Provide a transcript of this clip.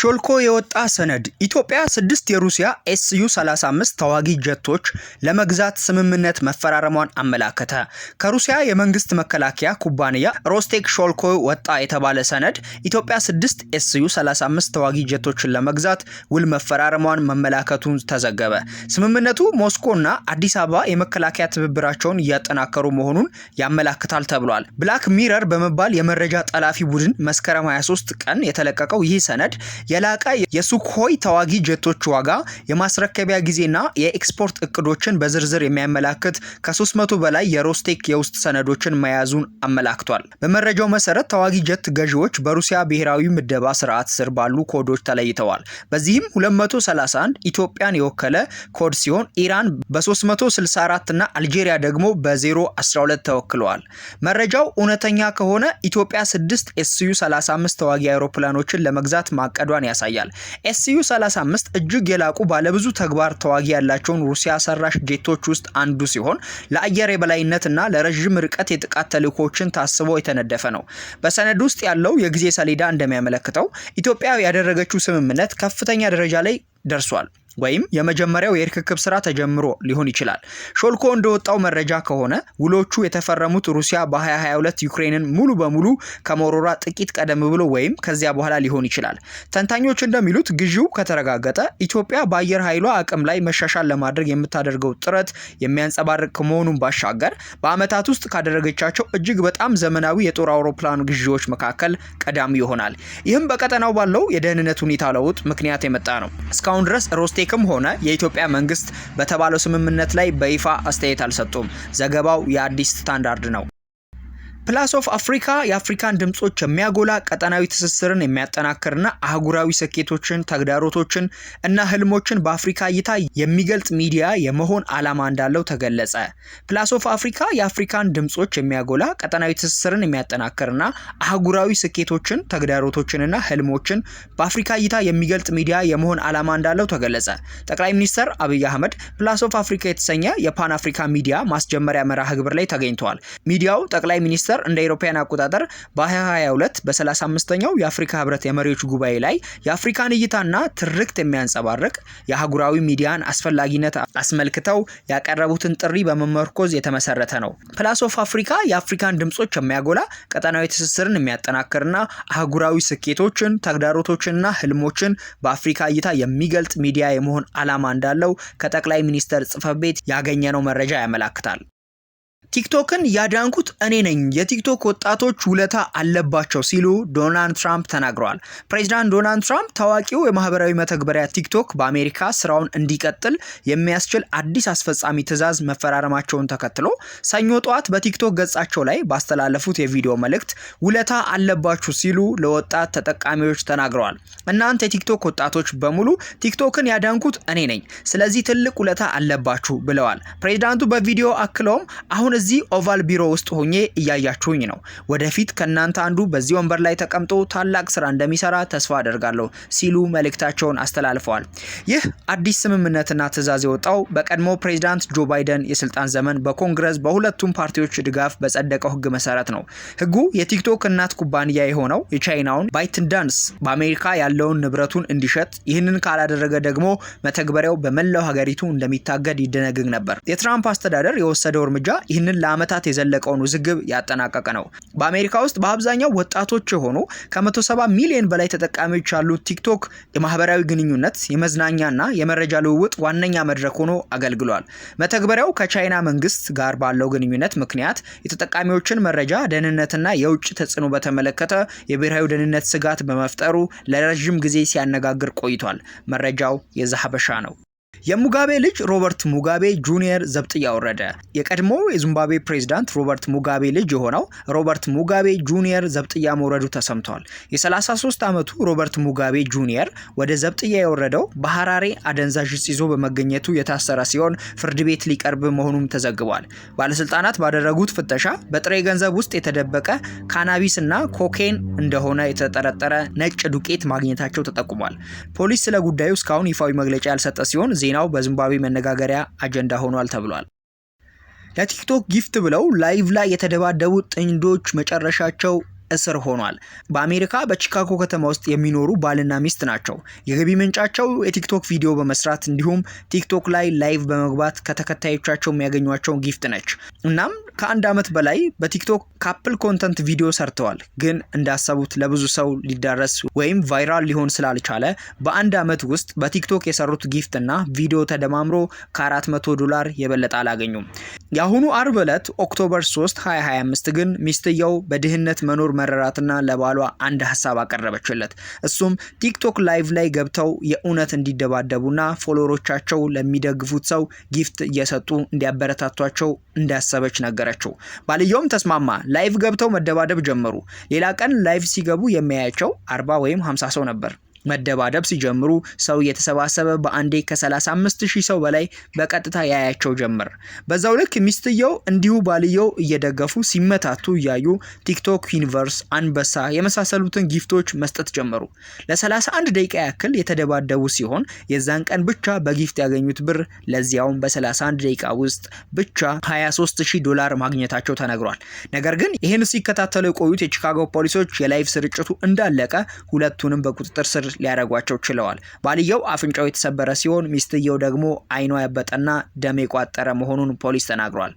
ሾልኮ የወጣ ሰነድ ኢትዮጵያ ስድስት የሩሲያ ኤስዩ 35 ተዋጊ ጀቶች ለመግዛት ስምምነት መፈራረሟን አመላከተ። ከሩሲያ የመንግስት መከላከያ ኩባንያ ሮስቴክ ሾልኮ ወጣ የተባለ ሰነድ ኢትዮጵያ ስድስት ኤስዩ 35 ተዋጊ ጀቶችን ለመግዛት ውል መፈራረሟን መመላከቱን ተዘገበ። ስምምነቱ ሞስኮና አዲስ አበባ የመከላከያ ትብብራቸውን እያጠናከሩ መሆኑን ያመላክታል ተብሏል። ብላክ ሚረር በመባል የመረጃ ጠላፊ ቡድን መስከረም 23 ቀን የተለቀቀው ይህ ሰነድ የላቀ የሱክሆይ ተዋጊ ጀቶች ዋጋ፣ የማስረከቢያ ጊዜና የኤክስፖርት እቅዶችን በዝርዝር የሚያመላክት ከ300 በላይ የሮስቴክ የውስጥ ሰነዶችን መያዙን አመላክቷል። በመረጃው መሰረት ተዋጊ ጀት ገዢዎች በሩሲያ ብሔራዊ ምደባ ስርዓት ስር ባሉ ኮዶች ተለይተዋል። በዚህም 231 ኢትዮጵያን የወከለ ኮድ ሲሆን ኢራን በ364 እና አልጄሪያ ደግሞ በ012 ተወክለዋል። መረጃው እውነተኛ ከሆነ ኢትዮጵያ 6 ኤስዩ 35 ተዋጊ አውሮፕላኖችን ለመግዛት ማቀዷን መኖሯን ያሳያል። ኤስዩ 35 እጅግ የላቁ ባለብዙ ተግባር ተዋጊ ያላቸውን ሩሲያ ሰራሽ ጄቶች ውስጥ አንዱ ሲሆን ለአየር የበላይነትና ለረዥም ርቀት የጥቃት ተልኮችን ታስቦ የተነደፈ ነው። በሰነድ ውስጥ ያለው የጊዜ ሰሌዳ እንደሚያመለክተው ኢትዮጵያ ያደረገችው ስምምነት ከፍተኛ ደረጃ ላይ ደርሷል። ወይም የመጀመሪያው የርክክብ ስራ ተጀምሮ ሊሆን ይችላል። ሾልኮ እንደወጣው መረጃ ከሆነ ውሎቹ የተፈረሙት ሩሲያ በ2022 ዩክሬንን ሙሉ በሙሉ ከመውረሯ ጥቂት ቀደም ብሎ ወይም ከዚያ በኋላ ሊሆን ይችላል። ተንታኞች እንደሚሉት ግዢው ከተረጋገጠ ኢትዮጵያ በአየር ኃይሏ አቅም ላይ መሻሻል ለማድረግ የምታደርገው ጥረት የሚያንጸባርቅ ከመሆኑን ባሻገር በዓመታት ውስጥ ካደረገቻቸው እጅግ በጣም ዘመናዊ የጦር አውሮፕላን ግዢዎች መካከል ቀዳሚ ይሆናል። ይህም በቀጠናው ባለው የደህንነት ሁኔታ ለውጥ ምክንያት የመጣ ነው። እስካሁን ድረስ ሮስቴክ ሜክሲክም ሆነ የኢትዮጵያ መንግስት በተባለው ስምምነት ላይ በይፋ አስተያየት አልሰጡም። ዘገባው የአዲስ ስታንዳርድ ነው። ፕላስ ኦፍ አፍሪካ የአፍሪካን ድምጾች የሚያጎላ ቀጠናዊ ትስስርን የሚያጠናክርና አህጉራዊ ስኬቶችን፣ ተግዳሮቶችን እና ህልሞችን በአፍሪካ እይታ የሚገልጽ ሚዲያ የመሆን ዓላማ እንዳለው ተገለጸ። ፕላስ ኦፍ አፍሪካ የአፍሪካን ድምጾች የሚያጎላ ቀጠናዊ ትስስርን የሚያጠናክርና አህጉራዊ ስኬቶችን፣ ተግዳሮቶችንና ህልሞችን በአፍሪካ እይታ የሚገልጽ ሚዲያ የመሆን ዓላማ እንዳለው ተገለጸ። ጠቅላይ ሚኒስትር አብይ አህመድ ፕላስ ኦፍ አፍሪካ የተሰኘ የፓን አፍሪካ ሚዲያ ማስጀመሪያ መርሃ ግብር ላይ ተገኝተዋል። ሚዲያው ጠቅላይ ሚኒስትር አቆጣጠር እንደ ኢሮፓያን አቆጣጠር በ2022 በ35ኛው የአፍሪካ ህብረት የመሪዎች ጉባኤ ላይ የአፍሪካን እይታና ትርክት የሚያንጸባርቅ የአህጉራዊ ሚዲያን አስፈላጊነት አስመልክተው ያቀረቡትን ጥሪ በመመርኮዝ የተመሰረተ ነው። ፕላስ ኦፍ አፍሪካ የአፍሪካን ድምጾች የሚያጎላ ቀጠናዊ ትስስርን የሚያጠናክርና አህጉራዊ ስኬቶችን፣ ተግዳሮቶችንና ህልሞችን በአፍሪካ እይታ የሚገልጥ ሚዲያ የመሆን ዓላማ እንዳለው ከጠቅላይ ሚኒስተር ጽህፈት ቤት ያገኘነው መረጃ ያመላክታል። ቲክቶክን ያዳንኩት እኔ ነኝ፣ የቲክቶክ ወጣቶች ውለታ አለባቸው ሲሉ ዶናልድ ትራምፕ ተናግረዋል። ፕሬዚዳንት ዶናልድ ትራምፕ ታዋቂው የማህበራዊ መተግበሪያ ቲክቶክ በአሜሪካ ስራውን እንዲቀጥል የሚያስችል አዲስ አስፈጻሚ ትዕዛዝ መፈራረማቸውን ተከትሎ ሰኞ ጠዋት በቲክቶክ ገጻቸው ላይ ባስተላለፉት የቪዲዮ መልእክት ውለታ አለባችሁ ሲሉ ለወጣት ተጠቃሚዎች ተናግረዋል። እናንተ የቲክቶክ ወጣቶች በሙሉ ቲክቶክን ያዳንኩት እኔ ነኝ፣ ስለዚህ ትልቅ ውለታ አለባችሁ ብለዋል። ፕሬዚዳንቱ በቪዲዮ አክለውም አሁን በዚህ ኦቫል ቢሮ ውስጥ ሆኜ እያያችሁኝ ነው። ወደፊት ከእናንተ አንዱ በዚህ ወንበር ላይ ተቀምጦ ታላቅ ስራ እንደሚሰራ ተስፋ አደርጋለሁ ሲሉ መልእክታቸውን አስተላልፈዋል። ይህ አዲስ ስምምነትና ትዕዛዝ የወጣው በቀድሞ ፕሬዚዳንት ጆ ባይደን የስልጣን ዘመን በኮንግረስ በሁለቱም ፓርቲዎች ድጋፍ በጸደቀው ህግ መሰረት ነው። ህጉ የቲክቶክ እናት ኩባንያ የሆነው የቻይናውን ባይትን ዳንስ በአሜሪካ ያለውን ንብረቱን እንዲሸጥ፣ ይህንን ካላደረገ ደግሞ መተግበሪያው በመላው ሀገሪቱ እንደሚታገድ ይደነግግ ነበር። የትራምፕ አስተዳደር የወሰደው እርምጃ ይህንን ይህንን ለአመታት የዘለቀውን ውዝግብ ያጠናቀቀ ነው። በአሜሪካ ውስጥ በአብዛኛው ወጣቶች የሆኑ ከ170 ሚሊዮን በላይ ተጠቃሚዎች ያሉት ቲክቶክ የማህበራዊ ግንኙነት፣ የመዝናኛና የመረጃ ልውውጥ ዋነኛ መድረክ ሆኖ አገልግሏል። መተግበሪያው ከቻይና መንግስት ጋር ባለው ግንኙነት ምክንያት የተጠቃሚዎችን መረጃ ደህንነትና የውጭ ተጽዕኖ በተመለከተ የብሔራዊ ደህንነት ስጋት በመፍጠሩ ለረዥም ጊዜ ሲያነጋግር ቆይቷል። መረጃው የዛሀበሻ ነው። የሙጋቤ ልጅ ሮበርት ሙጋቤ ጁኒየር ዘብጥያ ወረደ። የቀድሞ የዚምባብዌ ፕሬዚዳንት ሮበርት ሙጋቤ ልጅ የሆነው ሮበርት ሙጋቤ ጁኒየር ዘብጥያ መውረዱ ተሰምቷል። የ33 ዓመቱ ሮበርት ሙጋቤ ጁኒየር ወደ ዘብጥያ የወረደው በሐራሬ አደንዛዥ እጽ ይዞ በመገኘቱ የታሰረ ሲሆን ፍርድ ቤት ሊቀርብ መሆኑም ተዘግቧል። ባለስልጣናት ባደረጉት ፍተሻ በጥሬ ገንዘብ ውስጥ የተደበቀ ካናቢስ እና ኮኬን እንደሆነ የተጠረጠረ ነጭ ዱቄት ማግኘታቸው ተጠቁሟል። ፖሊስ ስለ ጉዳዩ እስካሁን ይፋዊ መግለጫ ያልሰጠ ሲሆን ዜናው በዚምባብዌ መነጋገሪያ አጀንዳ ሆኗል ተብሏል። ለቲክቶክ ጊፍት ብለው ላይቭ ላይ የተደባደቡት ጥንዶች መጨረሻቸው እስር ሆኗል። በአሜሪካ በቺካጎ ከተማ ውስጥ የሚኖሩ ባልና ሚስት ናቸው። የገቢ ምንጫቸው የቲክቶክ ቪዲዮ በመስራት እንዲሁም ቲክቶክ ላይ ላይቭ በመግባት ከተከታዮቻቸው የሚያገኟቸውን ጊፍት ነች። እናም ከአንድ ዓመት በላይ በቲክቶክ ካፕል ኮንተንት ቪዲዮ ሰርተዋል። ግን እንዳሰቡት ለብዙ ሰው ሊዳረስ ወይም ቫይራል ሊሆን ስላልቻለ በአንድ ዓመት ውስጥ በቲክቶክ የሰሩት ጊፍት እና ቪዲዮ ተደማምሮ ከ400 ዶላር የበለጠ አላገኙም። የአሁኑ አርብ ዕለት ኦክቶበር 3 2025 ግን ሚስትየው በድህነት መኖር መረራትና ለባሏ አንድ ሀሳብ አቀረበችለት። እሱም ቲክቶክ ላይቭ ላይ ገብተው የእውነት እንዲደባደቡና ፎሎወሮቻቸው ለሚደግፉት ሰው ጊፍት እየሰጡ እንዲያበረታቷቸው እንዳሰበች ነገረችው። ባልየውም ተስማማ። ላይቭ ገብተው መደባደብ ጀመሩ። ሌላ ቀን ላይቭ ሲገቡ የሚያያቸው 40 ወይም 50 ሰው ነበር። መደባደብ ሲጀምሩ ሰው እየተሰባሰበ በአንዴ ከ35 ሺህ ሰው በላይ በቀጥታ ያያቸው ጀመር። በዛው ልክ ሚስትየው እንዲሁ ባልየው እየደገፉ ሲመታቱ እያዩ ቲክቶክ ዩኒቨርስ፣ አንበሳ የመሳሰሉትን ጊፍቶች መስጠት ጀመሩ። ለ31 ደቂቃ ያክል የተደባደቡ ሲሆን የዛን ቀን ብቻ በጊፍት ያገኙት ብር ለዚያውም በ31 ደቂቃ ውስጥ ብቻ 23 ሺህ ዶላር ማግኘታቸው ተነግሯል። ነገር ግን ይህን ሲከታተሉ የቆዩት የቺካጎ ፖሊሶች የላይቭ ስርጭቱ እንዳለቀ ሁለቱንም በቁጥጥር ስር ሊያደርጓቸው ችለዋል። ባልየው አፍንጫው የተሰበረ ሲሆን ሚስትየው ደግሞ አይኗ ያበጠና ደም የቋጠረ መሆኑን ፖሊስ ተናግሯል።